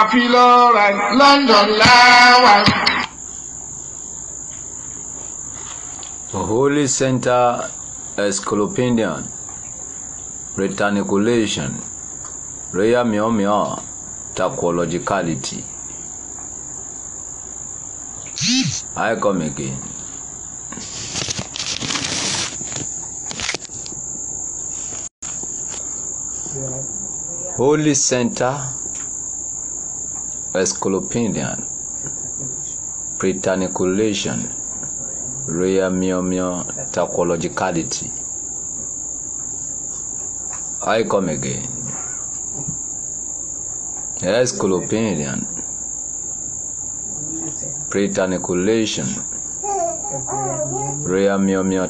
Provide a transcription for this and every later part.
àfi lọ́ra London láwà. The Holy Center Escolopendian Retaniculation Rare Miomior Tacologicality I come again. Holy Center Esculopedian, pretaniculation, tacologicality. I come again. Esculopedian, pretaniculation,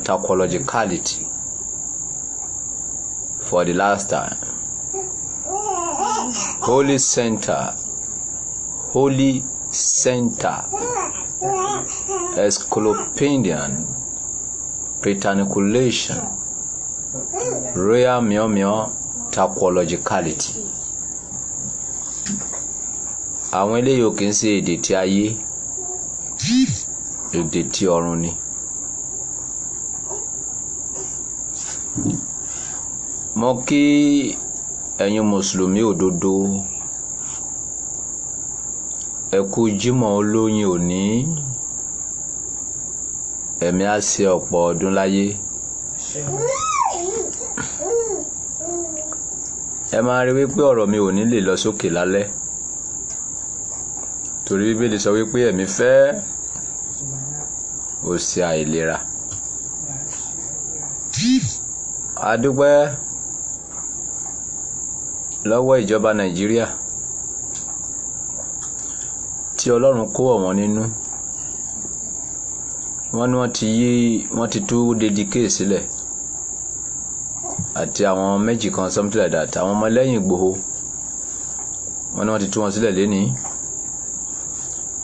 tacologicality. For the last time. Holy Center Holy Center, Encyclopedian, Britanniculation, Royal Mio Mio Topologicality. Àwọn eléyìí ò kì í ṣe èdè tí ayé, èdè tí ọ̀run ni. Mo kí ẹ̀yin Mùsùlùmí òdodo ẹ kú jímọ̀ olóyin òní ẹ̀mí á ṣe ọ̀pọ̀ ọdún láyé ẹ máa rí wípé ọ̀rọ̀ mi ò ní lè lọ sókè lálẹ́ torí bíbélì sọ wípé ẹ̀mí fẹ́ ó ṣe àìlera a dúpẹ́ ìjọba Nàìjíríà tí ọlọ́run kó ọ̀wọ́n nínú wọ́n ní wọ́n ti yí wọ́n ti tú dedike sílẹ̀ àti àwọn méjì kan something like that àwọn ọmọlẹ́yìn Ìgbòho wọ́n ní wọ́n ti tú wọn sílẹ̀ lẹ́nìí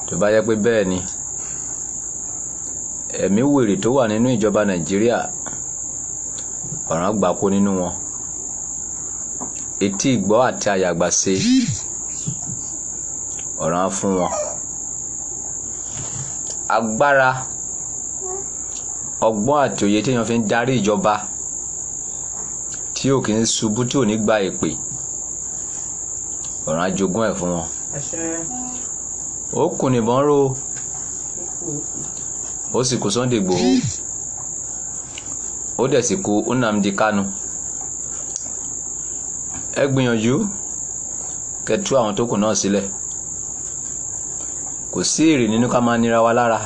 tó bá yẹ pé bẹ́ẹ̀ ni ẹ̀mí wèrè tó wà nínú ìjọba Nàìjíríà ọ̀ràn gbà kó nínú wọn etí ìgbọ́ àti àyàgbà ṣe ọ̀ràn fún wọn agbára ọgbọ́n àti òye téèyàn fi ń darí ìjọba tí ò kì í ṣubú tí ò ní gba èpè ọ̀ràn ajogún ẹ̀ fún wọn. ó kù nìbọn ró ó sì kú Sunday Igboho ó dẹ̀ sì kú Nnamdi Kanu ẹ gbìyànjú kẹ́ àwọn tó kù náà sílẹ̀. Si kò sí èrè nínú ká máa nira wa lára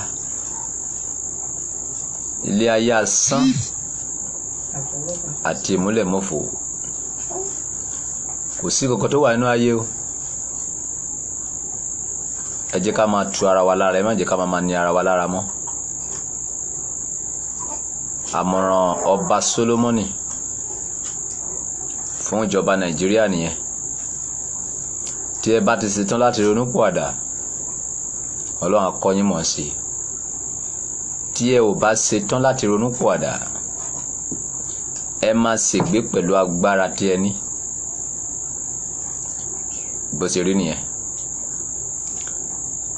ilé ayé asán àti ìmúlẹ̀mọ́fò kò sí kankan tó wà nínú ayé o ẹ jẹ́ ká máa tu ara wa lára ẹ má jẹ́ ká máa ní ara wa lára mọ́ àmọ̀ràn ọba Sólómọ́nì fún ìjọba Nàìjíríà nìyẹn tí ẹ bá ti ṣetán láti ronú pọ̀ àdá ọlọ́run akọ́yín mọ̀ sí tí ẹ ò bá ṣe tán láti ronú pọ̀dà ẹ máa ṣègbé pẹ̀lú agbára tí ẹ ní bó ṣe rí nìyẹn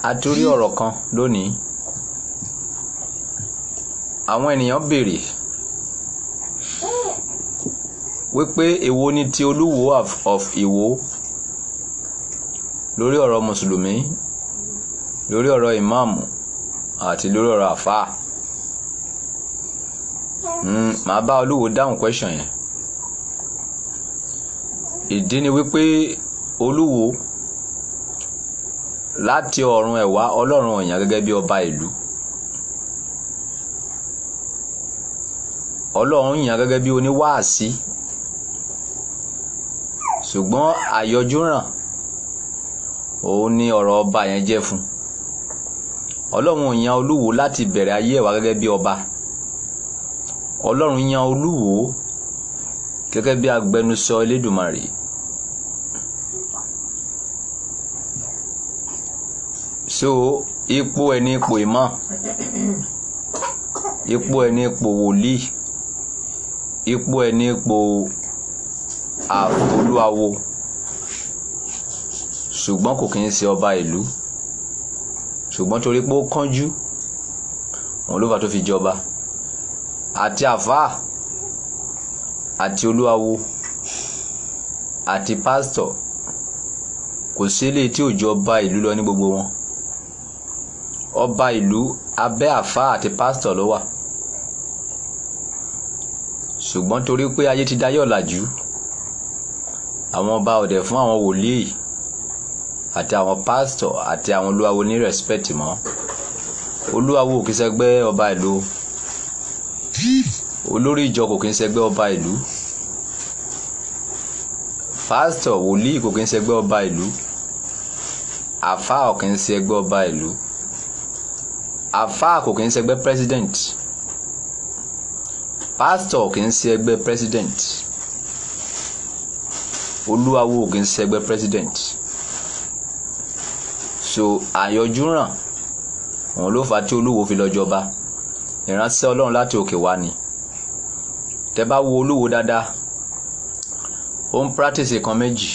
a tún rí ọ̀rọ̀ kan lónìí àwọn ènìyàn béèrè wípé èwo ni ti olúwo of Ìwó lórí ọ̀rọ̀ mùsùlùmí lórí ọ̀rọ̀ ìmáàmù àti lórí ọ̀rọ̀ àfáà hmm, màá bá olúwo dáhùn question yẹn ìdí ni wípé olúwo láti ọ̀run ẹ̀wá ọlọ́run ọ̀yàn gẹ́gẹ́ bí ọba ìlú ọlọ́run yàn gẹ́gẹ́ bí oníwàásí ṣùgbọ́n àyọjúràn òun ni ọ̀rọ̀ ọba yẹn jẹ́ fún un ọlọ́run yan olúwo láti bẹ̀rẹ̀ ayé wa gẹ́gẹ́ bí ọba ọlọ́run yan olúwo gẹ́gẹ́ bí agbẹnusọ elédùmarè so ipò ẹni ipò ìmọ̀ ipò ẹni ipò wòlíì ipò ẹni ipò olúawo ṣùgbọ́n kò kí ń ṣe ọba ìlú ṣùgbọ́n torí pé ó kánjú òun ló fà tó fi jọba àti àfáà àti olúwawo àti pásítọ̀ kò sílé tí ò jọ ba ìlú lọ ní gbogbo wọn ọba ìlú abẹ́ àfáà àti pásítọ̀ ló wà ṣùgbọ́n torí pé ayé ti dayé ọ̀làjú àwọn ọba ọ̀dẹ̀ fún àwọn wòlíì àti àwọn pásítọ̀ àti àwọn olúwawo ní rẹ́spẹ̀tì mọ́ olúwawo kì í ṣẹgbẹ́ ọba ìlú olórí ìjọ kò kì í ṣẹgbẹ́ ọba ìlú pásítọ̀ wòlíì kò kì í ṣẹgbẹ́ ọba ìlú àfáà kò kì í ṣẹgbẹ́ ọba ìlú àfáà kò kì í ṣẹgbẹ́ president pásítọ̀ kì í ṣẹgbẹ́ president olúwawo kì í ṣẹgbẹ́ president so àyọjú ràn òun ló fà á tí olúwo fi lọ jọba ìránṣẹ́ ọlọ́run láti òkè wá ni tẹ́ bá wo olúwo dáadáa ó ń practice nǹkan méjì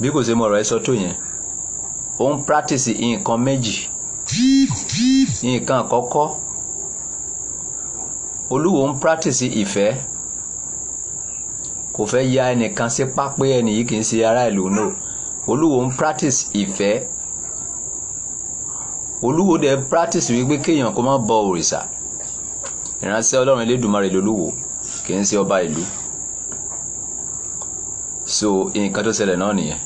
bí kò ṣe mọ ọ̀rọ̀ ẹ sọ tó yẹn ó ń practice nǹkan méjì nǹkan àkọ́kọ́ olúwo ń practice ìfẹ́ kò fẹ́ ya ẹnìkan sípá pé ẹnì yìí kì í ṣe ará ìlú náà olúwo ń practice ìfẹ́ olúwo dẹ̀ ń practice wípé kéèyàn kó má bọ òrìṣà ìránṣẹ́ ọlọ́run elédùnmarè lolúwo kì í ṣe ọba ìlú so nǹkan tó ṣẹlẹ̀ náà nìyẹn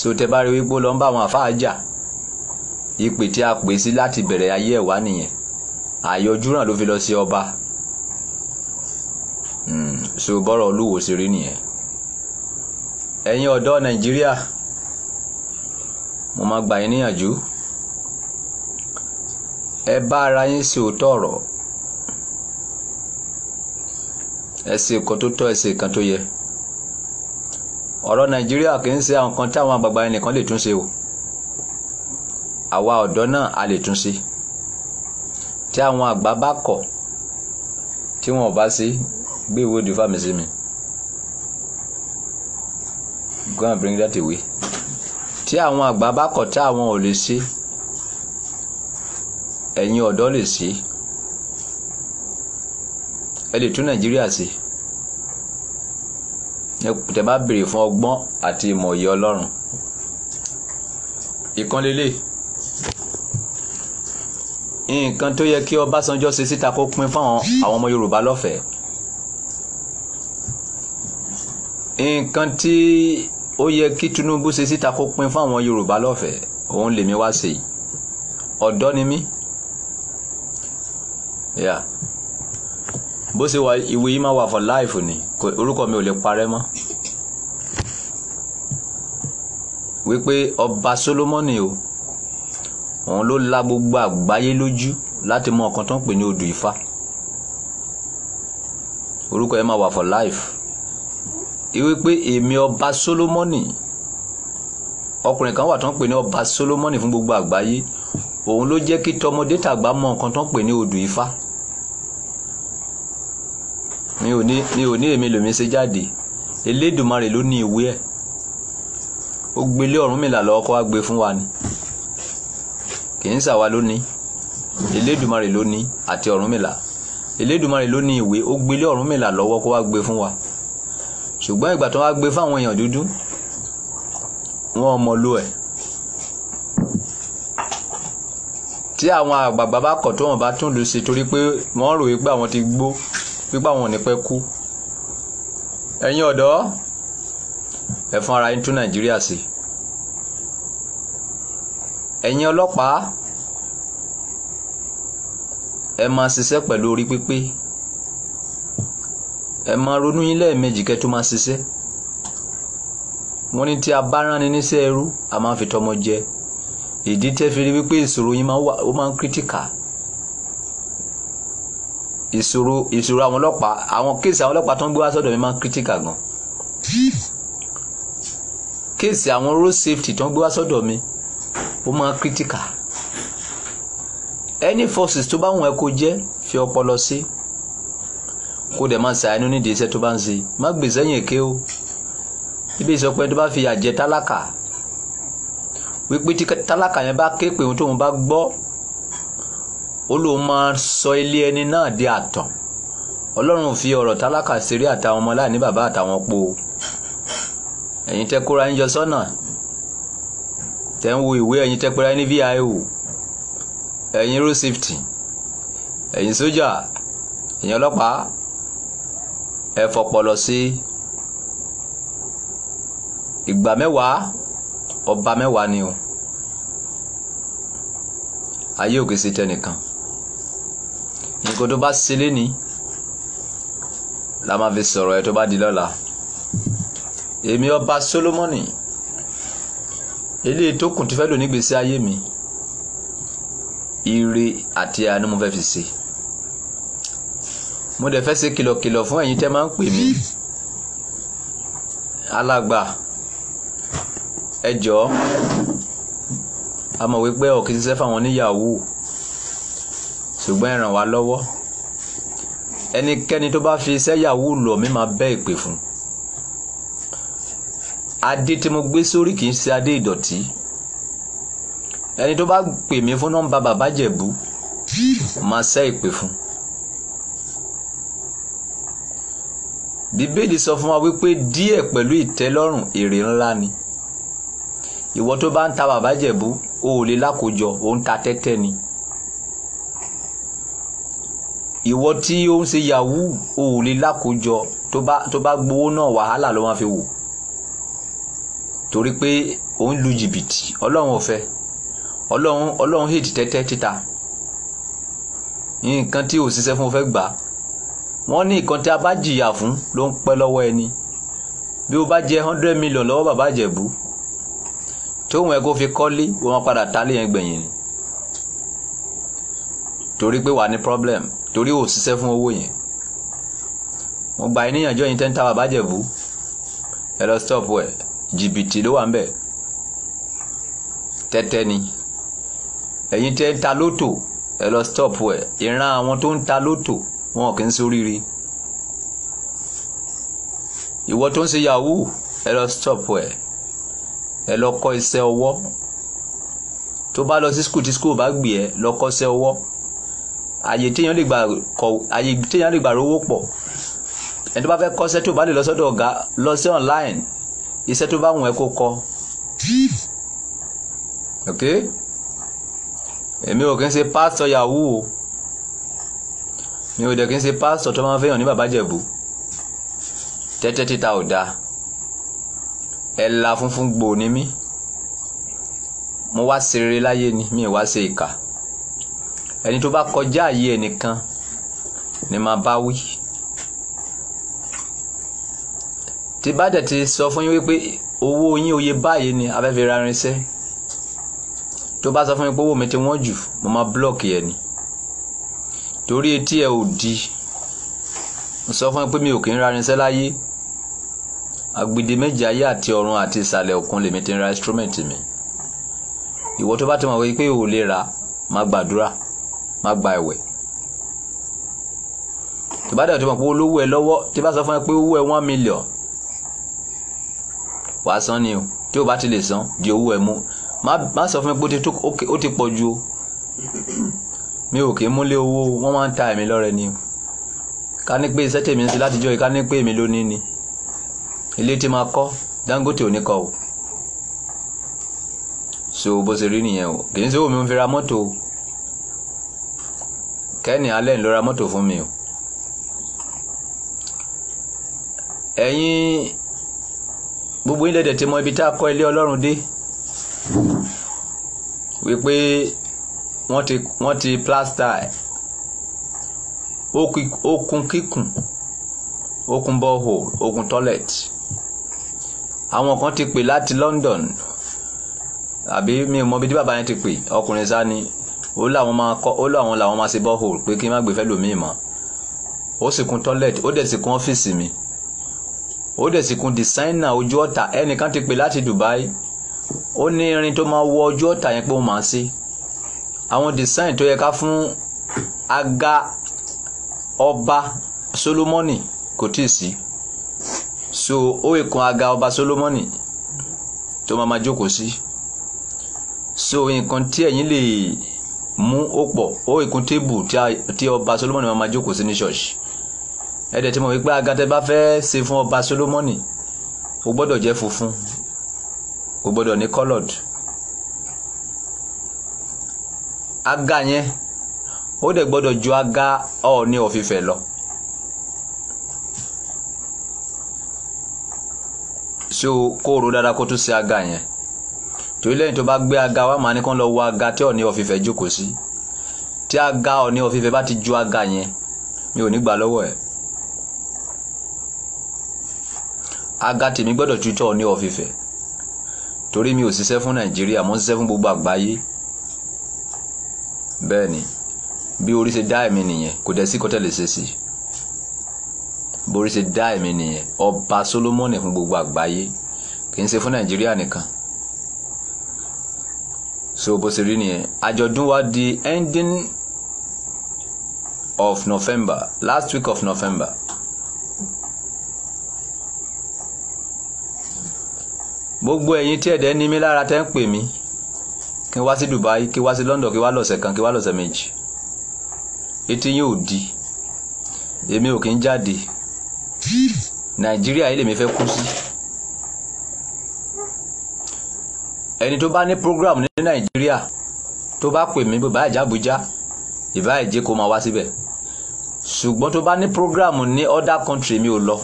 so tẹ bá rí wípé ó lọ ń bá àwọn àfáà jà ìpè tí a pè sí láti bẹ̀rẹ̀ ayé ẹ̀ wá nìyẹn àyọjú ló fi lọ sí ọba hmm, so bọ́rọ̀ olúwo ṣe rí nìyẹn ẹ̀yin ọ̀dọ́ nàìjíríà mo máa gbà yín níyànjú ẹ bá ara yín sí òótọ́ ọ̀rọ̀ ẹ ṣe nǹkan tó tọ́ ẹ ṣe nǹkan tó yẹ ọ̀rọ̀ nàìjíríà kì í ṣe àwọn kan táwọn àgbààgbà yẹn nìkan lè tún ṣe o àwa ọ̀dọ́ náà a lè tún ṣe tí àwọn àgbà bá kọ̀ tí wọn ò bá ṣe gbé ìwé òdì fámi sí mi go and bring that away tí àwọn àgbà bá kọ̀ tí àwọn ò lè ṣe ẹ̀yin ọ̀dọ́ lè ṣe ẹ lè tún nàìjíríà ṣe tẹ́ bá béèrè fún ọgbọ́n àti ìmọ̀ òye ọlọ́run ìkànlélẹ̀ nǹkan tó yẹ kí ọbásanjọ́ ṣe síta kó pín fáwọn àwọn ọmọ yorùbá lọ́fẹ̀ẹ́ nǹkan tí. Tí ó yẹ kí Tinubu ṣe síta kó pin fáwọn Yorùbá lọ́fẹ̀ẹ́ òun lèmi wá sí i ọ̀dọ́ ni mí yeah. bó ṣe wà ìwé yìí máa wà for life ni orúkọ mi ò lè parẹ́ mọ́ wípé ọba Solomoni o òun ló la gbogbo àgbáyé lójú láti mọ ọkàn tó ń pè ní odù Ifá orúkọ yẹn máa wà for life wípé èmi ọba Sólómọ́nì ọkùnrin kan wà tó ń pè ní ọba Sólómọ́nì fún gbogbo àgbáyé òun ló jẹ́ kí tọmọdé tàgbà mọ nǹkan tó ń pè ní odù Ifá mi ò ní mi ò ní èmi lòmí ṣe jáde Elédùmarè ló ní ìwé ẹ̀ ó gbélé Ọ̀rúnmìlà lọ́wọ́ kó wá gbé fún wa ni kì í ṣàwa ló ní ló ní àti Ọ̀rúnmìlà Elédùmarè ló ní ìwé ó gbélé Ọ̀rúnmìlà lọ́wọ́ kó wá gbé fún wa ṣùgbọ́n ìgbà tó wá gbé fáwọn èèyàn dúdú wọn mọ lo ẹ̀ tí àwọn àgbààgbà bá kọ̀ tó wọn bá tún lù sí torí pé wọ́n rò wípé àwọn ti gbó wípé àwọn ò ní pẹ́ kú ẹ̀yin ọ̀dọ́ ẹ fún ara yín tún nàìjíríà sí ẹ̀yin ọlọ́pàá ẹ máa ṣiṣẹ́ pẹ̀lú orí pípé ẹ máa ronú yín lẹ́ẹ̀mejì kẹ́ tó máa ṣiṣẹ́ wọ́n ní tí a bá rán ni níṣẹ́ ẹrú a máa fi tọmọ jẹ ìdí tẹ́ fi rí wípé ìṣòro yín máa wà ó máa ń kírítíkà ìṣòro ìṣòro àwọn ọlọ́pàá àwọn kéèsì àwọn ọlọ́pàá tó ń gbé wá sọ́dọ̀ mi máa ń kírítíkà gan kéèsì àwọn road safety tó ń gbé wá sọ́dọ̀ mi ó máa ń kírítíkà any forces tó bá wọn ẹ kó jẹ́ fi ọpọlọ sí. Si kó dẹ̀ máa ṣàánú nídìí iṣẹ́ tó bá ń ṣe má gbè sẹ́yìn èké o ibi ìsọpẹ́ tó bá fi àjẹ tálákà wípé tí tálákà yẹn bá ké pé ohun tóun bá gbọ́ ó lóun máa sọ ilé ẹni náà di àtàn ọlọ́run fi ọ̀rọ̀ tálákà ṣeré àtàwọn ọmọ láì ní bàbá àtàwọn po ẹ̀yin tẹ́ kóra ń yọ sọ́nà tẹ́ ń wo ìwé ẹ̀yin tẹ́ pẹ́ra ní VIO ẹ̀yin road safety ẹ̀yin sójà ẹ̀yin ọlọ́pàá ẹ fọpọlọ sí ìgbà mẹ́wàá ọba mẹ́wàá ni o ayé òkè ṣe tẹnìkan nǹkan tó bá ṣe léni la máa fi sọ̀rọ̀ ẹ tó bá di lọ́la èmi ọba Sólómọ́nì eléyìí tó kùn ti fẹ́ lò nígbèésí ayé mi ire àti àánú mo fẹ́ fi ṣe mo dẹ̀ fẹ́ ṣe kìlọ̀kìlọ̀ fún ẹ̀yin tẹ́ máa ń pè mí alàgbà ẹ jọ̀ọ́ a mọ̀ wípé ọ̀kì ṣiṣẹ́ fáwọn oníyàwó ṣùgbọ́n ẹ ràn wá lọ́wọ́ ẹnikẹ́ni tó bá fi iṣẹ́ yahoo lọ mi máa bẹ́ ìpè fún adé tí mo gbé sórí kì í ṣe adé ìdọ̀tí ẹni tó bá pè mí fún nọ́mbà bàbá jẹ̀bú máa ṣẹ́ ìpè fún un. bíbélì sọ fún wa wípé díẹ̀ pẹ̀lú ìtẹ́lọ́rùn èrè ńlá ni ìwọ tó bá ń ta bàbá jẹ̀bú o ò lè lákòjọ o ń ta tẹ́tẹ́ ni ìwọ tí ó ń ṣe yahoo o ò lè lákòjọ tó bá gbowó náà wàhálà ló máa fi wò torí pé o ń lu jìbìtì ọlọ́run ò fẹ́ ọlọ́run ọlọ́run hate tẹ́tẹ́ títa nǹkan tí ò ṣiṣẹ́ fún o fẹ́ gbà á wọ́n ní nǹkan tí a bá jìyà fún ló ń pẹ́ lọ́wọ́ ẹni bí o bá jẹ hundred million lọ́wọ́ bàbá àjẹ̀bú tóun ẹ kó fi kọ́lé wọ́n máa padà tálé yẹn gbẹ̀yìn ni torí pé wà ní problem torí ò ṣiṣẹ́ fún owó yẹn mo gbà yín níyànjú ẹ̀yin tẹ́ ń ta bàbá àjẹ̀bú ẹ lọ stop ẹ jìbìtì ló wà ń bẹ̀ tẹ́tẹ́ ni ẹ̀yin tẹ́ ń ta lótò ẹ lọ stop ẹ ìran àwọn tó ń ta lótò wọn kì í ṣoríire ìwọ tó ń ṣe yahoo ẹ lọ stop ẹ ẹ lọ kọ́ iṣẹ́ ọwọ́ tó bá lọ sí skul tí skul bá gbé ẹ lọ kọ́ iṣẹ́ ọwọ́ àyè téèyàn lè gbà kọ àyè téèyàn lè gbà rówó pọ̀ ẹni tó bá fẹ́ kọ́ṣẹ́ tó bá lè lọ sọ́dọ̀ ọ̀gá lọ sí online iṣẹ́ tó bá wù ẹ́ kó kọ́ ok èmi ò kí ń ṣe pásítọ̀ yahoo o mi ò dẹ̀ kí n ṣe pásítọ̀ tó máa ń fẹ́yàn ní bàbá jẹ̀bú tẹ́tẹ́ títa ò dáa ẹ̀la funfun gbòò ni mí mo wá ṣe rere láyé ni mi ì wá ṣe ìkà ẹni tó bá kọjá àyè ẹnìkan ni màá bá wí tí bá dẹ̀ ti sọ fún yín wípé owó yín oye báyìí ni abẹ́fẹ́ ra irinṣẹ́ tó bá sọ fún mi pé owó mi ti wọ́n jù mo máa búlọ̀kì ẹ̀ ni torí etí ẹ ò di mo sọ fún ẹ pé mi ò kì í ra irinṣẹ́ láyé agbede méjì ayé àti ọ̀run àti ìsàlẹ̀ òkun lèmi ti ń ra instrument mi ìwọ tó bá ti mọ̀ wípé ò lè ra má gbàdúrà má gba ẹ̀wẹ̀ tó bá dẹ̀ tó mọ̀ pé olówó ẹ lọ́wọ́ tí bá sọ fún ẹ pé owó ẹ one million wàá san ni o tí o bá ti lè san di owó ẹ mú má sọ fún mi pé ó ti pọ̀ ju o mi ò kì í múlé owó wọ́n máa ń ta èmi lọ́rẹ ni ká ní pé iṣẹ́ tèmi ń ṣe látijọ́ yìí ká ní pé èmi ló ni ilé tí máa kọ́ Dangote ò ní kọ́ o so bó ṣe rí nìyẹn o kì í ṣe òun mi ń fi ra mọ́tò o kẹ́ni alẹ́ ń lọ ra mọ́tò fún mi o ẹ̀yin gbogbo ilẹ̀ dẹ̀ ti mọ ibi tá a kọ́ ilé Ọlọ́run dé wípé wọ́n ti wọ́n ti plaster ẹ̀ okùn kíkùn okun borehole okun toilet àwọn kan ti pè láti London àbí mi ò mọ bíi tí bàbá yẹn ti pè ọkùnrin sá ni ó làwọn máa kọ ó làwọn làwọn máa ṣe borehole pé kí n má gbé fẹ́ lòmíì mọ́ ó sì kùn toilet ó dẹ̀ sì kùn ọ́fíìsì mi ó dẹ̀ sì kùn designer ojú ọ̀tà ẹnìkan ti pè láti Dubai ó ní irin tó máa wọ ojú ọ̀tà yẹn pé ó máa ṣe. Si àwọn design tó yẹ ká fún aga ọba Solomoni kò tí ì sí so ó yẹ kan aga ọba Solomoni tó máa máa jókòó sí so nǹkan tí ẹ̀yin lè mú ó pọ̀ ó yẹ kan tébù tí ọba Solomoni máa máa jókòó sí ní ṣọ́ọ̀ṣì ẹ̀dẹ̀ tí mo wí pé aga tẹ́ bá fẹ́ ṣe fún ọba Solomoni ó gbọ́dọ̀ jẹ́ funfun ó gbọ́dọ̀ ní coloured aga yẹn ó dẹ̀ gbọ́dọ̀ ju aga Ọọ̀ni of lọ. so kó o ro dáadáa kó tún ṣe aga yẹn torí lẹ́yìn tó bá gbé aga wá màá ní kán lọ wo aga tí Ọọ̀ni of Ifẹ̀ jókòó sí tí aga Ọọ̀ni of Ifẹ̀ bá ti ju aga yẹn mi ò ní gbà lọ́wọ́ ẹ̀ aga tèmi gbọ́dọ̀ ju tí Ọọ̀ni torí mi ò ṣiṣẹ́ fún Nàìjíríà mo ń ṣiṣẹ́ fún gbogbo àgbáyé bẹ́ẹ̀ ni bí orí ṣe dá èmi nìyẹn kò dẹ̀ sí kọ́tẹ́ lè ṣe sí borí ṣe dá èmi nìyẹn ọba Solomoni fún gbogbo àgbáyé kì í ṣe fún Nàìjíríà nìkan so bó ṣe rí nìyẹn àjọ̀dún wa di ending of November last week of November gbogbo ẹ̀yin tí ẹ̀dẹ̀ ní mi lára tẹ́ ń pè mí kí wá sí Dubai kí wá sí London kí n wá lọ́sẹ̀ kan kí n wá lọ́sẹ̀ méjì etí yóò di èmi ò kí ń jáde Nàìjíríà yìí lèmi fẹ́ kú sí ẹni tó bá ní program ní Nàìjíríà tó bá pè mí bó bá ìjà Àbújá ìbá ìjẹ́ kó máa wá síbẹ̀ ṣùgbọ́n tó bá ní program ní other country mi ò lọ.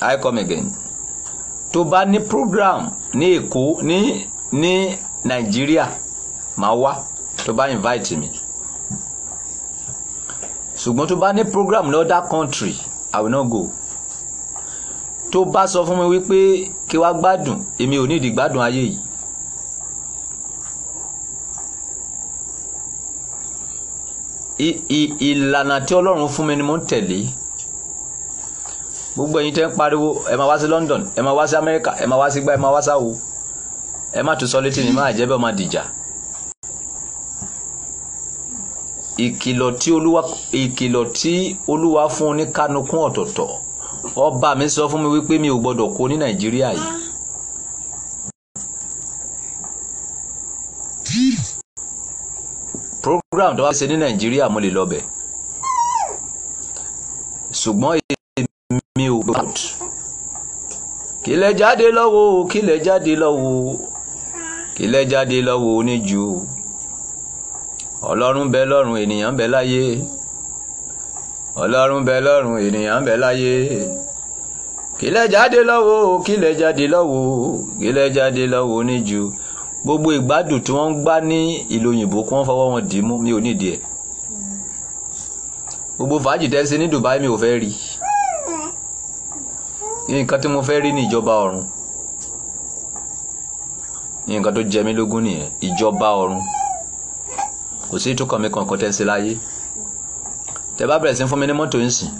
I come again tó bá ní program ní èkó ní ní nàìjíríà máa wá tó bá invite mi ṣùgbọ́n tó bá ní program ní other country i will not go tó bá sọ fún mi wípé kí wá gbádùn èmi ò ní ìdí gbádùn ayé yìí ìlànà tí ọlọ́run fún mi ni mo ń tẹ̀lé gbogbo ẹ̀yin tẹ́ ń pariwo ẹ máa wá sí London ẹ máa wá sí Amẹ́ríkà ẹ máa wá sí gbá ẹ máa wá sáwo ẹ má tún sọ létí ni máa jẹ́ bẹ́ẹ̀ máa dìjà. ìkìlọ̀ tí olúwa ìkìlọ̀ tí olúwa fún ní kánukún ọ̀tọ̀ọ̀tọ̀ ọba mi sọ fún mi wípé mi ò gbọdọ̀ kó ní Nàìjíríà yìí. program tó wá ṣe ní Nàìjíríà mo lè lọ bẹ̀ ṣùgbọ́n Out. kílẹ̀ jáde lọ́wọ́ kílẹ̀ jáde lọ́wọ́ kílẹ̀ jáde lọ́wọ́ oníjù ọlọ́run bẹ lọ́run ènìyàn bẹ láyé ọlọ́run bẹ lọ́run ènìyàn bẹ láyé kílẹ̀ jáde lọ́wọ́ kílẹ̀ jáde lọ́wọ́ kílẹ̀ jáde lọ́wọ́ oníjù gbogbo ìgbádùn tí wọ́n ń gbá ní ìlú òyìnbó kí wọ́n fọwọ́ wọn dì mú mi ò nídìí ẹ̀ gbogbo fàájì tẹ́sí ní Dubai mi ò fẹ́ rí nǹkan tí mo fẹ́ rí ní ìjọba ọ̀run nǹkan tó jẹ mí lógún nìyẹn ìjọba ọ̀run kò sí ìtúkọ̀ mi kankan tẹ́ ń ṣe láyé tẹ bá bẹ̀rẹ̀ sí fún mi ní mọ́tò ń sìn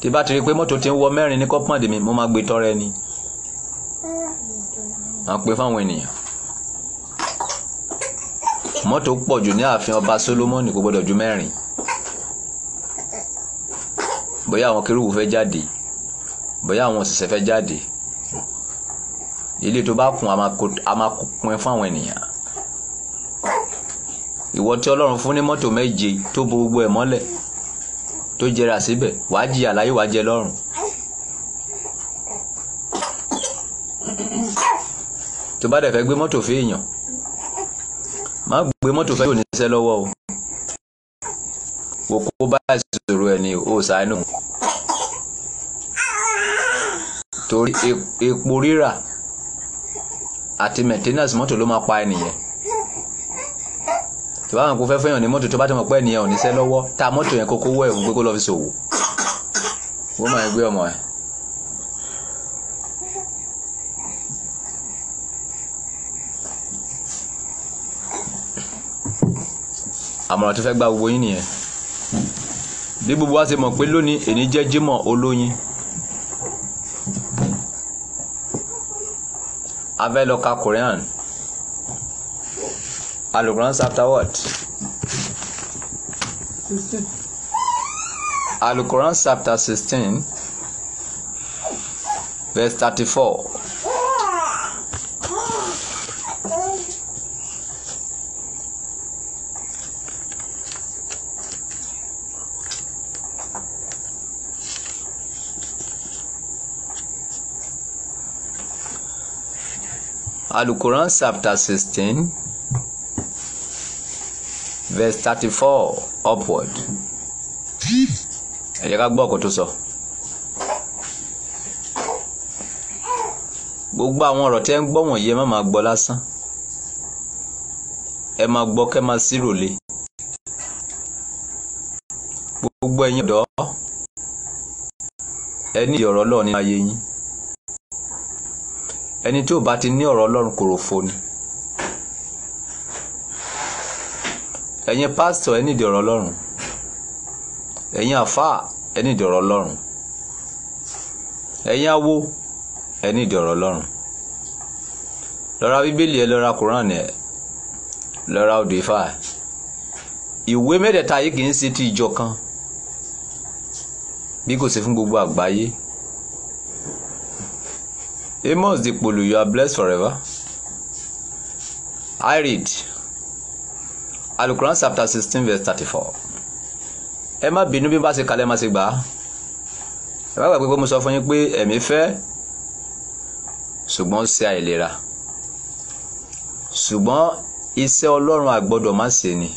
tí bá ti rí i pé mọ́tò ti ń wọ mẹ́rin ní kọ́pọ̀ndì mi mo máa gbé tọrẹ ni máa pè fáwọn ènìyàn mọ́tò pọ̀ jù ní ààfin ọba Solomoni kò gbọ́dọ̀ ju mẹ́rin bóyá àwọn kérúwù fẹ́ jáde bóyá àwọn òṣìṣẹ́ fẹ́ jáde ilé tó bá kún a máa kún ẹ fún àwọn ènìyàn ìwọ tí ọlọ́run fún ní mọ́tò méje tó bo gbogbo ẹ̀ mọ́lẹ̀ tó jẹra síbẹ̀ wàá jìyà láyé wàá jẹ lọ́run tó bá dẹ̀ fẹ́ gbé mọ́tò fún èèyàn má gbé mọ́tò fẹ́ oníṣẹ́ lọ́wọ́ o wò kó bá ìṣòro ẹ̀ ní o ṣàánú torí e, epo rírà àti maintenance mọ́tò ló máa pa ẹnìyẹn tó bá wọn kó fẹ́ fẹ́yàn ní mọ́tò tó bá ti mọ̀ pé ẹnìyẹn ò níṣẹ́ lọ́wọ́ ta mọ́tò yẹn kókó wọ́ ẹ̀hún gbé kó lọ fi ṣòwò wọ́n máa gbé ọmọ ẹ̀. àmọ̀ràn tó fẹ́ gba gbogbo yín nìyẹn bí gbogbo wa ṣe mọ̀ pé lónìí èní jẹ́ Jímọ̀ olóyin a fẹ́ lọ ka Quran alukuran chapter what Al Quran chapter sixteen verse thirty-four. Al-Quran chapter 16 verse 34 upward. Ẹ jẹ́ ká gbọ́ ọ̀kọ́ tó sọ. Gbogbo àwọn ọ̀rọ̀ tẹ́ ń gbọ́ wọ̀nyí ẹ má máa gbọ́ lásán. Ẹ máa gbọ́ kẹ́ máa sírò lé. Gbogbo ẹ̀yin ọ̀dọ́ ẹ ní ìdí ọ̀rọ̀ nínú ayé yín ẹni tí ò bá ti ní ọ̀rọ̀ ọlọ́run kòròfo ni ẹ̀yin pásítọ̀ ẹ nídìí ọ̀rọ̀ ọlọ́run ẹ̀yin àfáà ẹ nídìí ọ̀rọ̀ ọlọ́run ẹ̀yin awo ẹ nídìí ọ̀rọ̀ ọlọ́run lọ ra bíbélì ẹ lọ ra kùránì ẹ lọ ra odò ifá ẹ ìwé mẹ́tẹ̀ẹ̀ta yìí kì í ṣe ti ìjọ kan bí kò ṣe fún gbogbo àgbáyé. Amos Dipolu, you are blessed forever. I read Alukuran chapter sixteen verse thirty-four. Ẹ má bínú bí bá ṣe kalẹ̀ má ṣe gbà á. Ẹ má gbàgbé pé mo sọ fún yín pé ẹ̀mí fẹ́ ṣùgbọ́n ó ṣe àìlera. Ṣùgbọ́n iṣẹ́ Ọlọ́run àgbọ́dọ̀ má ṣe ni.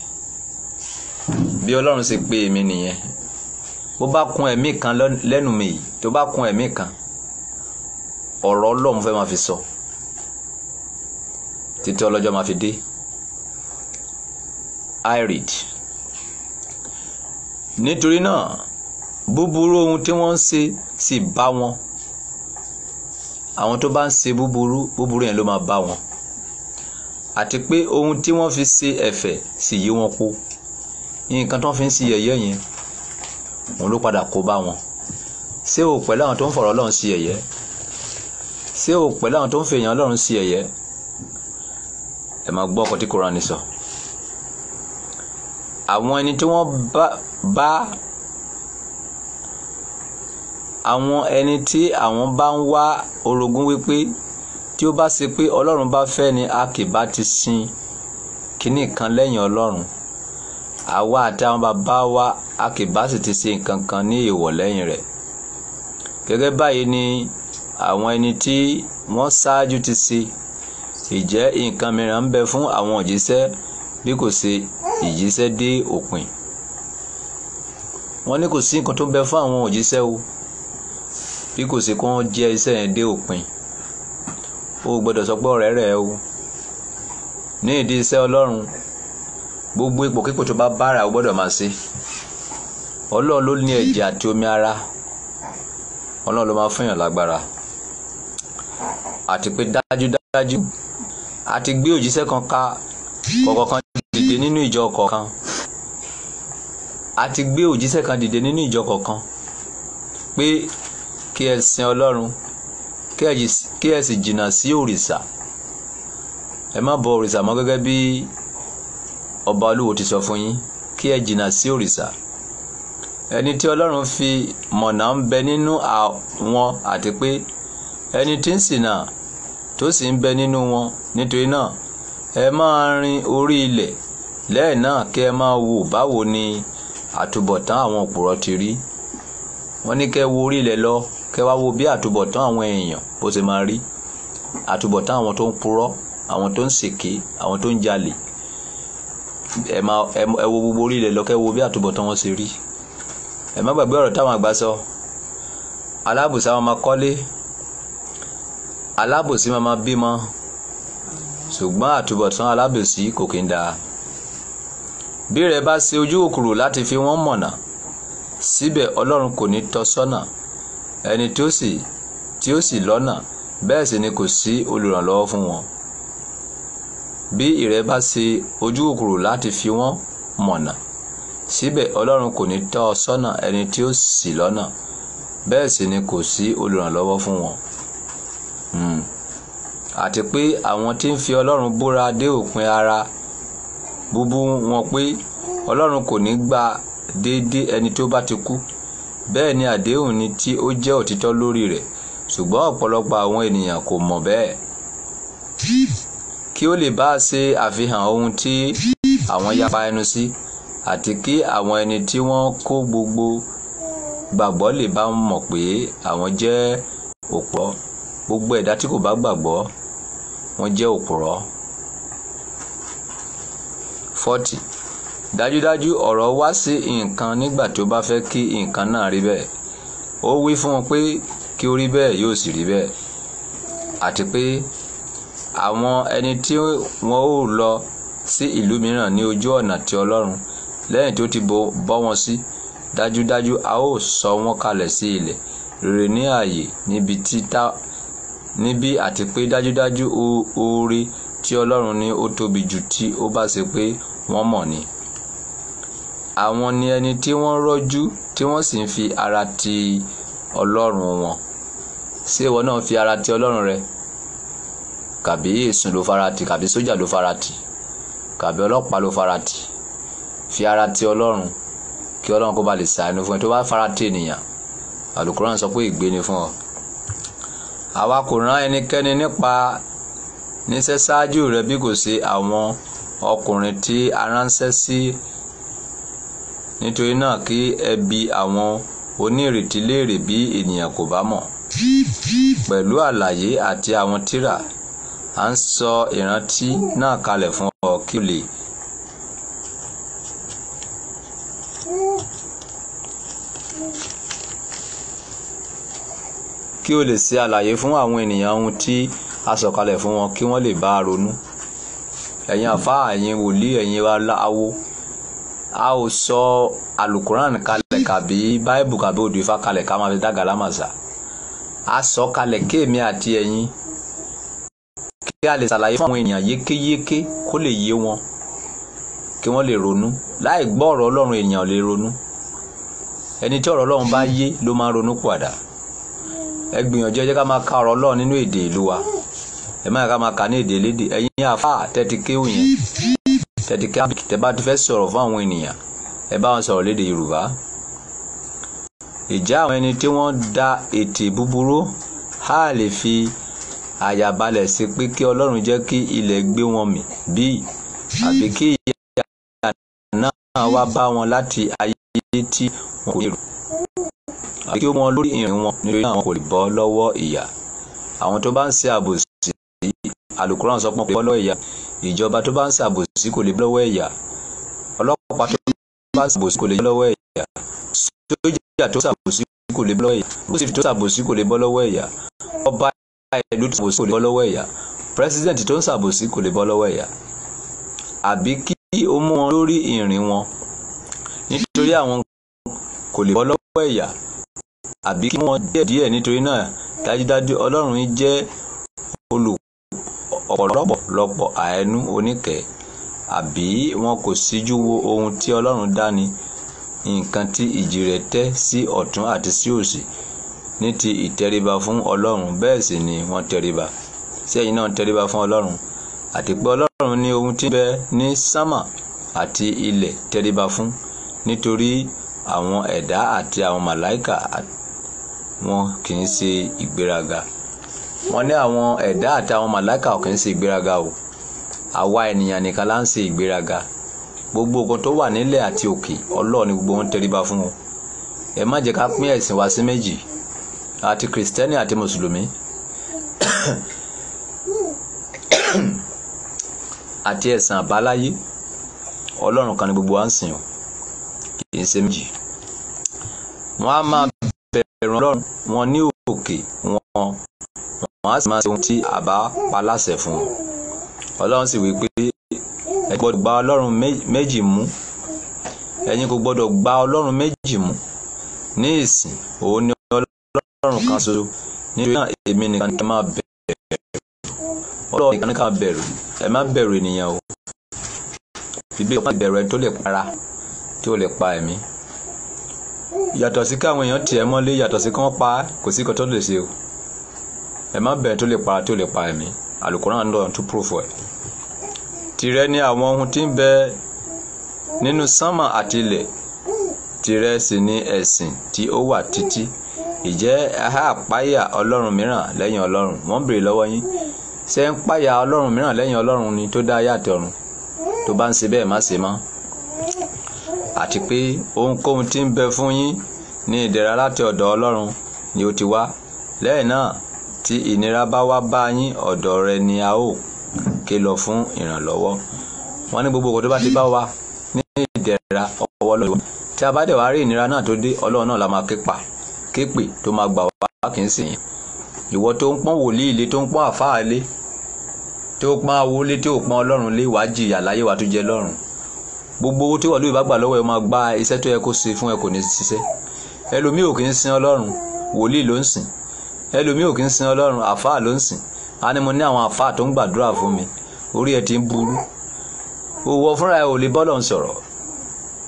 Bí Ọlọ́run ṣe pé èmi nìyẹn. Bó bá kun ẹ̀mí kan lẹ́nu mi yìí, tó bá kun ẹ̀mí kan ọ̀rọ̀ ọlọ́run fẹ́ máa fi sọ títí ọlọ́jọ́ máa fi dé irid nítorí náà búburú ohun tí wọ́n ń ṣe sì bá wọn àwọn tó bá ń ṣe búburú búburú yẹn ló máa bá wọn àti pé ohun tí wọ́n fi ṣe ẹ̀fẹ̀ sì yí wọn po nǹkan tó fi ń ṣe yẹ̀yẹ́ yẹn òun ló padà kó bá wọn ṣé o pẹ̀lú tó ń fọ̀rọ̀ ọlọ́run sí yẹ̀yẹ́ ṣé o pẹ̀lú àwọn tó ń fi èèyàn ọlọ́run sí ẹ̀yẹ ẹ máa gbọ́ ọkọ̀ tí Kùránì sọ àwọn ẹni tí wọ́n bá àwọn ẹni tí àwọn bá ń wá orogún wípé tí ó bá ṣe pé ọlọ́run bá fẹ́ ni a kì bá ti sin kínní kan lẹ́yìn ọlọ́run àwa àti àwọn bàbá wa a kì bá sì ti ṣe nǹkan kan ní èèwọ̀ lẹ́yìn rẹ̀ gẹ́gẹ́ báyìí ni àwọn ẹni tí wọ́n ṣáájú ti ṣe ìjẹ́ nǹkan mìíràn ń bẹ fún àwọn òjíṣẹ́ bí kò ṣe ìjíṣẹ́ dé òpin wọ́n ní kò sí nǹkan tó ń bẹ fún àwọn òjíṣẹ́ o bí kò ṣe kó wọ́n jẹ́ iṣẹ́ yẹn dé òpin o gbọ́dọ̀ sọ pé ọ̀rẹ́ rẹ̀ o ní ìdí iṣẹ́ ọlọ́run gbogbo ipò kíkò tó bá bára o gbọ́dọ̀ máa ṣe ọlọ́run ló ní ẹ̀jẹ̀ àti omi ara ọlọ́run ló máa fún yàn lágbára àti pé dájúdájú a ti gbé òjíṣẹ́ kan ká kọ̀ọ̀kan kan dìde nínú ìjọ kọ̀ọ̀kan a ti gbé òjíṣẹ́ kan dìde nínú ìjọ kọ̀ọ̀kan pé kí ẹ sin ọlọ́run kí ẹ sì jìnnà sí òrìṣà ẹ má bọ òrìṣà mọ́ gẹ́gẹ́ bí ọba olúwo ti sọ fún yín kí ẹ jìnnà sí òrìṣà ẹni tí ọlọ́run fi mọ̀nà ń bẹ nínú àwọn àti pé ẹni tí ń sìnà tó sì ń bẹ nínú wọn nítorí náà ẹ máa rin orí ilẹ̀ lẹ́ẹ̀ náà kí ẹ máa wò báwo ni àtúbọ̀tán àwọn òpùrọ̀ ti rí wọ́n ní kẹ́ wo orí ilẹ̀ lọ kẹ́ wá wo bí àtúbọ̀tán àwọn èèyàn bó ṣe máa rí àtúbọ̀tán àwọn tó ń purọ́ àwọn tó ń ṣèké àwọn tó ń jalè ẹ máa ẹ wo gbogbo orí ilẹ̀ lọ kẹ́ wo bí àtúbọ̀tán wọn ṣe rí ẹ má gbàgbé ọ̀rọ̀ táwọn àgbà sọ alábùsà wọn máa kọ́lé alábòsí máa ma bímọ ṣùgbọ́n àtúbọ̀tán alábòsí kò kí ń da bí rẹ bá ṣe ojú kòkòrò láti fi wọ́n mọ̀nà síbẹ̀ ọlọ́run kò ní tọ́ sọ́nà ẹni tí ó sì tí ó sì lọ́nà bẹ́ẹ̀ sì ni kò sí olùrànlọ́wọ́ fún wọn bí ìrẹ bá ṣe ojú kòkòrò láti fi wọ́n mọ̀nà síbẹ̀ ọlọ́run kò ní tọ́ ọ sọ́nà ẹni tí ó sì lọ́nà bẹ́ẹ̀ sì ni kò sí olùrànlọ́wọ́ fún wọn. Hmm. àti pé àwọn tí ń fi ọlọ́run búra dé òpin ara búbú wọn pé ọlọ́run kò ní gba déédéé ẹni tó bá ti kú bẹ́ẹ̀ ni àdéhùn ni tí ó jẹ́ òtítọ́ lórí rẹ̀ ṣùgbọ́n ọ̀pọ̀lọpọ̀ àwọn ènìyàn kò mọ̀ bẹ́ẹ̀ kí ó lè bá a ṣe àfihàn ohun tí àwọn yapa ẹnu sí àti kí àwọn ẹni tí wọ́n kó gbogbo gbàgbọ́ lè bá mọ̀ pé àwọn jẹ́ òpó gbogbo ẹ̀dá tí kò bá gbàgbọ́ wọ́n jẹ́ òpùrọ́. forty dájúdájú ọ̀rọ̀ wá sí nǹkan nígbà tí ó bá fẹ́ kí nǹkan náà rí bẹ́ẹ̀ ó wí fún un pé kí ó rí bẹ́ẹ̀ yóò sì rí bẹ́ẹ̀ àti pé àwọn ẹni tí wọ́n ó lọ sí ìlú mìíràn ní ojú ọ̀nà ti Ọlọ́run lẹ́yìn tí ó ti bọ́ wọn sí dájúdájú a ó sọ wọ́n kalẹ̀ sí ilẹ̀ rere ní ààyè níbi tí níbí àti pé dájúdájú oore tí Ọlọ́run ní ó tóbi jù tí ó bá ṣe pé wọ́n mọ̀ ni. Àwọn ni ẹni tí wọ́n rọ́jú tí wọ́n sì ń fi ara ti Ọlọ́run wọn. Ṣé ìwọ náà fi ara ti Ọlọ́run rẹ? Kàbí èsùn ló faratì, kàbí sójà ló faratì, kàbí ọlọ́pàá ló faratì. Fi ara ti Ọlọ́run kí Ọlọ́run kó ba lè ṣàánú fún ẹ tó bá faratì ènìyàn. Àlùkùránì sọ pé ègbé fún ọ àwa kò rán ẹnikẹ́ni nípa níṣẹ́ ṣáájú rẹ bí kò ṣe àwọn ọkùnrin tí a ránṣẹ́ sí nítorí náà kí ẹ bi àwọn onírètí léèrè bí ènìyàn kò bá mọ̀ pẹ̀lú àlàyé àti àwọn tírà à ń sọ ìrántí náà kalẹ̀ fún ọ kí o lè kí o lè ṣe àlàyé fún àwọn ènìyàn ohun tí a sọ̀kalẹ̀ fún wọn kí wọ́n lè bá a ronú ẹ̀yin àfáà ẹ̀yin wòlíì ẹ̀yin aláwo a ò sọ alukuran kalẹ̀ kàbí báìbù kàbí odù ifá kalẹ̀ ká máa fi dága lámàṣà a sọ kalẹ̀ kéèmí àti ẹ̀yin kí a lè ṣàlàyé fún àwọn ènìyàn yékéyéké kó lè yé wọn kí wọ́n lè ronú láì gbọ́ ọ̀rọ̀ ọlọ́run ènìyàn lè ronú ẹni tí ọ̀rọ̀ ọlọ́run bá yé ló máa ronú padà ẹ gbìyànjú ẹ jẹ́ ká máa ka ọ̀rọ̀ Ọlọ́run nínú èdè ìlú wa ẹ máa ká máa kà ní èdè lédè ẹ̀yin àfa tẹ́tí kéwù yẹn tẹ́tí kábík tẹ́ bá ti fẹ́ sọ̀rọ̀ fún àwọn ènìyàn ẹ bá wọn sọ̀rọ̀ lédè Yorùbá ìjà àwọn ẹni tí wọ́n da ètè búburú á lè fi àyà balẹ̀ sí pé kí Ọlọ́run jẹ́ kí ilẹ̀ gbé wọn mì bíi àbí kí ìyà náà wá bá wọn láti ayé tí wọn kò àbí kí ó mú wọn lórí ìrìn wọn nítorí àwọn kò lè bọ́ lọ́wọ́ ìyà àwọn tó bá ń ṣe àbòsí alukuran sọ pé bọ́ lọ́wọ́ ìyà ìjọba tó bá ń ṣe àbòsí kò lè bọ́ lọ́wọ́ ìyà ọlọ́pàá tó bá ń ṣe àbòsí kò lè bọ́ lọ́wọ́ ìyà sójà tó ṣàbòsí kò lè bọ́ lọ́wọ́ ìyà rúsìfì tó ṣàbòsí kò lè bọ́ lọ́wọ́ ìyà ọba ìlú tó ṣàbòsí kò lè bọ́ lọ́wọ́ ìyà pírẹsidẹ̀ntì tó ń ṣàbòsí kò lè bọ́ lọ́wọ́ ìyà àbí kí ó mú wọn lórí ìrìn wọn nítorí àwọn kò lè bọ́ lọ́wọ́ ìyà àbí kí wọ́n díẹ̀díẹ̀ nítorí náà dájúdájú ọlọ́run yín jẹ́ ọ̀pọ̀lọpọ̀lọpọ̀ àánú oníkẹ́ àbí wọn kò síjú wo ohun tí ọlọ́run dáni nǹkan tí ìjì rẹ̀ tẹ́ sí ọ̀tún àti sí òsì ní ti ìtẹríba fún ọlọ́run bẹ́ẹ̀ sì ni wọ́n tẹríba sí ẹ̀yin náà tẹríba fún ọlọ́run àti pé ọlọ́run ní ohun tí ń ní sámà àti ilẹ̀ tẹríba fún nítorí àwọn ẹ̀dá àti àwọn màláìkà àti wọn kì í ṣe ìgbéraga wọ́n ní àwọn ẹ̀dá àtàwọn màláìka ò kì í ṣe ìgbéraga o àwa ènìyàn nìkan là ń ṣe ìgbéraga gbogbo ogun tó wà nílẹ̀ àti òkè Ọlọ́run ni gbogbo wọn tẹríba fún wọn ẹ má jẹ́ ká pín ẹ̀sìn wa sí méjì àti kìrìsìtẹ́nì àti mùsùlùmí àti ẹ̀sìn àbáláyé Ọlọ́run kan ni gbogbo wa ń sìn o kì í ṣe méjì wọ́n á máa bẹ̀rù ọlọ́run wọn ní òkè wọn wọn á sì máa ṣe ohun tí a bá pa láṣẹ fún wọn ọlọ́run sì wí pé ẹ gbọ́dọ̀ gba ọlọ́run méjì mú ẹ̀yin kò gbọ́dọ̀ gba ọlọ́run méjì mú ní ìsìn òun ni ọlọ́run kan ṣoṣo nítorí náà èmi nìkan ni ẹ máa bẹ̀rù ọlọ́run nìkan ni ká bẹ̀rù ẹ má bẹ̀rù ènìyàn o bíbélì ọ̀pá ìbẹ̀rù ẹni tó lè para tí ó lè pa ẹ̀mí yàtọ̀ sí káwọn èèyàn tiẹ̀ mọ́lé yàtọ̀ sí kán pa kò sí kan tó lè ṣe o ẹ má bẹ̀rẹ̀ tó lè pa tó lè pa ẹ̀mí alukoran lọ tún púròfù ẹ̀ tìrẹ ni àwọn ohun tí ń bẹ nínú sánmà àti ilẹ̀ tìrẹ sì ni ẹ̀sìn tí ó wà títí ìjẹ́ aha àpáyà ọlọ́run mìíràn lẹ́yìn ọlọ́run wọ́n béèrè lọ́wọ́ yín ṣé ń páyà ọlọ́run mìíràn lẹ́yìn ọlọ́run ni tó dá ayé àtọ̀run tó bá ń ṣe bẹ́ẹ̀ má ṣe mọ́ àti pé ohunkóhun tí ń bẹ fún yín ní ìdẹ̀ra láti ọ̀dọ̀ Ọlọ́run ni ó ti wá lẹ́yìn náà tí ìnira bá wá bá yín ọ̀dọ̀ rẹ̀ ni a ó ké lọ fún ìrànlọ́wọ́ wọ́n ní gbogbo òkú tó bá ti bá wa ní ìdẹ̀ra ọwọ́ lọ́wọ́ tí a bá dẹ̀ wá rí ìnira náà tó dé Ọlọ́run náà la máa ké pa képè tó máa gbà wá kì í sì yín ìwọ tó ń pọ́n wòlíì ilé tó ń pọ́n àfáà ilé tó pọ́n awolé tó pọ́n Ọlọ́run lé wàá jìyà láyé wàá tó jẹ lọ́run gbogbo owó tí wọ́n lóye bá gbà lọ́wọ́ ẹ máa gba iṣẹ́ tó yẹ kó ṣe fún ẹ kò ní ṣiṣẹ́ ẹlòmíì ò kì í sin ọlọ́run wòlíì ló ń sìn ẹlòmíì ò kì í sin ọlọ́run àfáà ló ń sìn á ní mo ní àwọn àfáà tó ń gbàdúrà fún mi orí ẹ ti ń burú òwò fúnra ẹ ò lè bọ́lọ̀ ń sọ̀rọ̀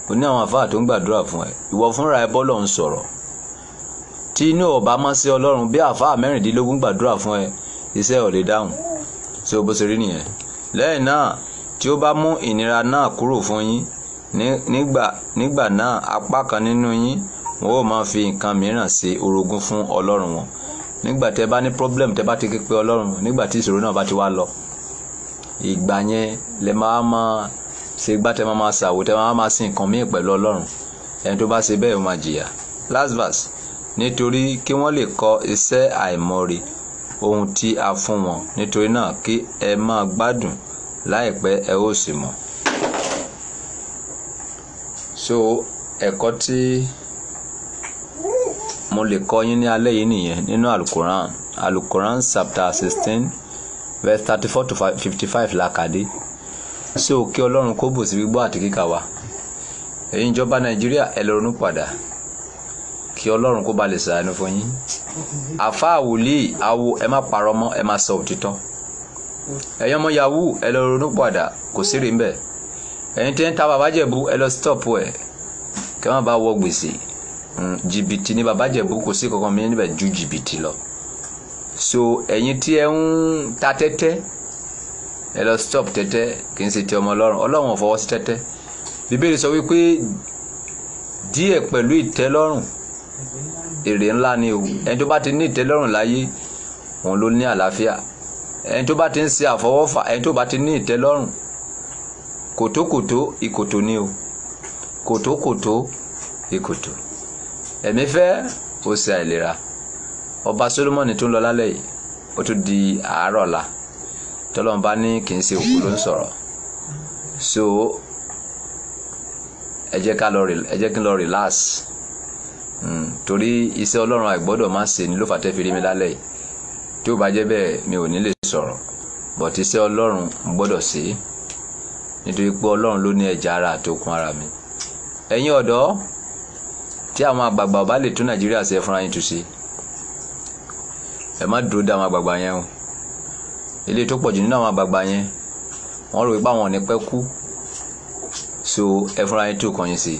ò ní àwọn àfáà tó ń gbàdúrà fún ẹ ìwọ fúnra ẹ bọ́lọ̀ ń sọ̀rọ̀ tí inú ọba mọ́ sí ọlọ́run bí àfáà mẹ́rìndínlógún gbàdúrà fún ẹ iṣẹ́ ò lè dáhùn ṣé o bó ṣe rí nìyẹn lẹ́yìn náà tí ó bá mú ìnira náà kúrò fún yín nígbà nígbà náà apá kan nínú yín wọn ó máa fi nǹkan mìíràn ṣe orogún fún ọlọ́run wọn nígbà tẹ bá ní problem tẹ bá ti ké pe ọlọ́run nígbà tí ìṣòro náà bá ti wá lọ ìgbà yẹn lẹ máa máa ṣe gbá tẹ máa máa ṣàwò tẹ máa máa sin nǹkan míì pẹ̀lú ọlọ́run ẹni tó bá ṣe bẹ́ẹ̀ ó máa jìyà last verse nítorí kí wọ́n lè kọ iṣẹ́ àìmọ̀re ohun tí a fún wọn nítorí náà kí ẹ máa gbádùn láìpẹ́ ẹ ó sì mọ̀ so ẹ̀kọ́ tí mo lè kọ́ yín ní alẹ́ yìí nìyẹn nínú alukoran alukoran chapter sixteen verse thirty four to fifty five la kà so kí ọlọ́run kó bòsí gbígbọ́ àti kíkà wa èyí ìjọba nàìjíríà ẹ lọ ronú padà kí ọlọ́run kó ba lè ṣàánú fún yín àfa àwòlíì awo ẹ má parọ́ mọ́ ẹ má sọ òtítọ́ ẹ̀yin ọmọ yahoo ẹ lọ ronú padà kò sí rí ń bẹ̀ ẹ̀yin tẹ́ ń ta bàbá jẹ̀bú ẹ lọ stop ẹ̀ kẹ́ má bá wọ gbèsè hmm, jìbìtì ni bàbá jẹ̀bú kò sí kankan mi níbẹ̀ ju jìbìtì lọ so ẹ̀yin tí ẹ ń ta tẹ́tẹ́ ẹ lọ stop tẹ́tẹ́ kì í ṣe ti ọmọ ọlọ́run ọlọ́run ò fọwọ́ sí tẹ́tẹ́ bíbélì sọ wípé díẹ̀ pẹ̀lú ìtẹ́lọ́rùn èrè ńlá ni o ẹni tó bá ti ní ìtẹ́lọ́rùn láyé òun ló ní àlàáfíà ẹni tó bá ti ń ṣe àfọwọ́fà ẹni tó bá ti ní ìtẹ́lọ́rùn kòtókòtó ìkòtò ni o kòtókòtó ìkòtò ẹ̀mí fẹ́ ó ṣe àìlera ọba Solomoni tó ń lọ lálẹ́ yìí ó tún di àárọ̀ la tọ́lọ́mùbá ní kì í ṣe òkú ló ń sọ̀rọ̀ so ẹ jẹ́ ká lọ ẹ jẹ́ kí n lọ relax hmm, torí iṣẹ́ ọlọ́run àìgbọ́dọ̀ má ṣe ni ló fà tẹ́ fi rí mi lálẹ́ yìí tí ó bá jẹ́ bẹ́ẹ̀ mi ò ní lè sọ̀rọ̀ bọ̀t iṣẹ́ ọlọ́run mo gbọ́dọ̀ ṣe é nítorí pé ọlọ́run ló ní ẹ̀jẹ̀ ara àti okun ara mi ẹ̀yin ọ̀dọ́ tí àwọn àgbààgbà ọba lè tún nàìjíríà ṣe fúnra yín túnṣe ẹ má dúró dá àwọn àgbààgbà yẹn o ilé tó pọ̀jù nínú àwọn àgbààgbà yẹn wọ́n rò pé àwọn ní pẹ́ kú so ẹ fúnra yín tó kàn yín sí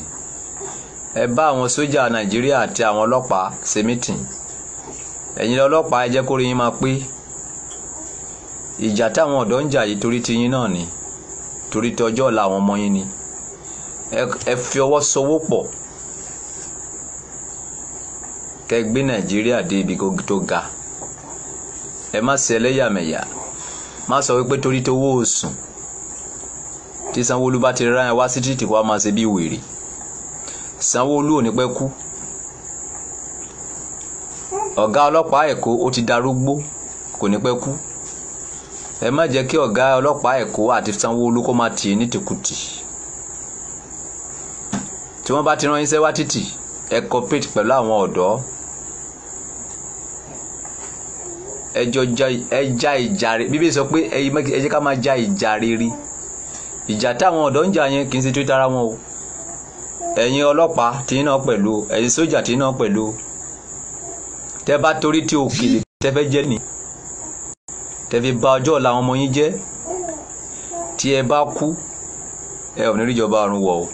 ẹ bá àwọn sójà nàìjíríà àti àwọn ọlọ́pàá ṣe mítìn ẹ̀yin ọlọ́pàá ẹ jẹ́ kó rí yín máa pé ìjà táwọn ọ̀dọ́ ń jà yìí torí ti yín náà ni torí ti ọjọ́ ọ̀la àwọn ọmọ yín ni ẹ fi ọwọ́ sowó pọ̀ kẹ gbé Nàìjíríà dé ibi tó ga ẹ má ṣe ẹlẹ́yàmẹ̀yà má sọ wípé torí tó wó osùn tí sanwó bá ti rán ẹ wá sí títì wá máa ṣe bí wèrè sanwó ò ní pẹ́ kú ọ̀gá ọlọ́pàá èkó ó ti darúgbó kò ní pẹ́ kú ẹ má jẹ́ kí ọ̀gá ọlọ́pàá èkó àti sanwó-olu kó máa tì í ní tìkùtì tí wọ́n bá ti rán iṣẹ́ wá títì ẹ cooperate pẹ̀lú àwọn ọ̀dọ́ ẹjọ́ já ìjà rere bíbí sọ pé ẹ jẹ́ ká máa já ìjà rere ìjà táwọn ọ̀dọ́ ń jà yẹn kì í ṣe tó tara wọn o ẹ̀yin ọlọ́pàá tìyín náà pẹ̀lú ẹ̀yin sójà tìyín náà pẹ̀lú o tẹ́ bá torí tí òkèlè tẹ́ fẹ́ jẹ́ ni tẹ́ fi bà ọjọ́ ọ̀la àwọn ọmọ yín jẹ́ tí ẹ bá kú ẹ ò ní ríjọba ọ̀run wọ̀ o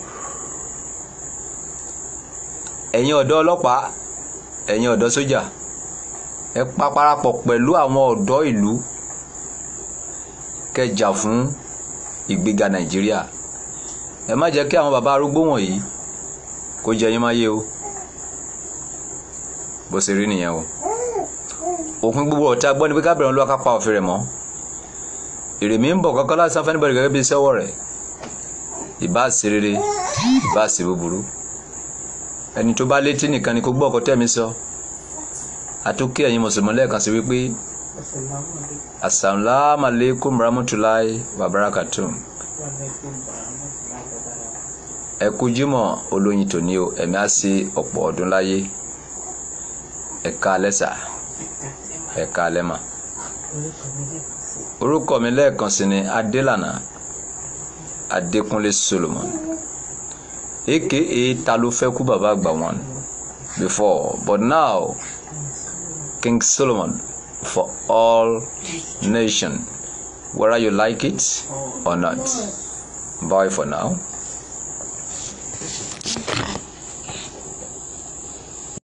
ẹ̀yin ọ̀dọ́ ọlọ́pàá ẹ̀yin ọ̀dọ́ sójà ẹ paparapọ̀ pẹ̀lú àwọn ọ̀dọ́ ìlú kẹjà fún ìgbéga nàìjíríà ẹ má jẹ́ kí àwọn bàbá arúgbó wọ̀nyí kó jẹ yín máyé o bó ṣe rí nìyẹn o òpin gbogbo ọ̀tá gbọ́ ni pé kábẹ̀rẹ̀ olúwa ká pa òfin rẹ̀ mọ́ èrè mi ń bọ̀ kọ́kọ́ lásán fẹ́ níbẹ̀rẹ̀ gẹ́gẹ́ bí iṣẹ́ ọwọ́ rẹ̀ ìbá ṣe rere ìbá ṣe búburú ẹni tó bá létí nìkan ni kó gbọ́ ọkọ tẹ́mi sọ àtúkẹ́ ẹ̀yin mùsùlùmí lẹ́ẹ̀kan sí wípé assalamu alaikum rahmatulahi wa barakatuh ẹ kú jímọ̀ olóyin tòní o ẹ̀mí á sí ọ̀pọ̀ ọdún láyé ẹ káalẹ́ sà ẹ káalẹ́ mà orúkọ mi lẹ́ẹ̀kan sí ni adélànà adékúnlé solomon aka ta ló fẹ́ kú bàbá àgbà wọn before but now king solomon for all nation whether you like it or not bye for now.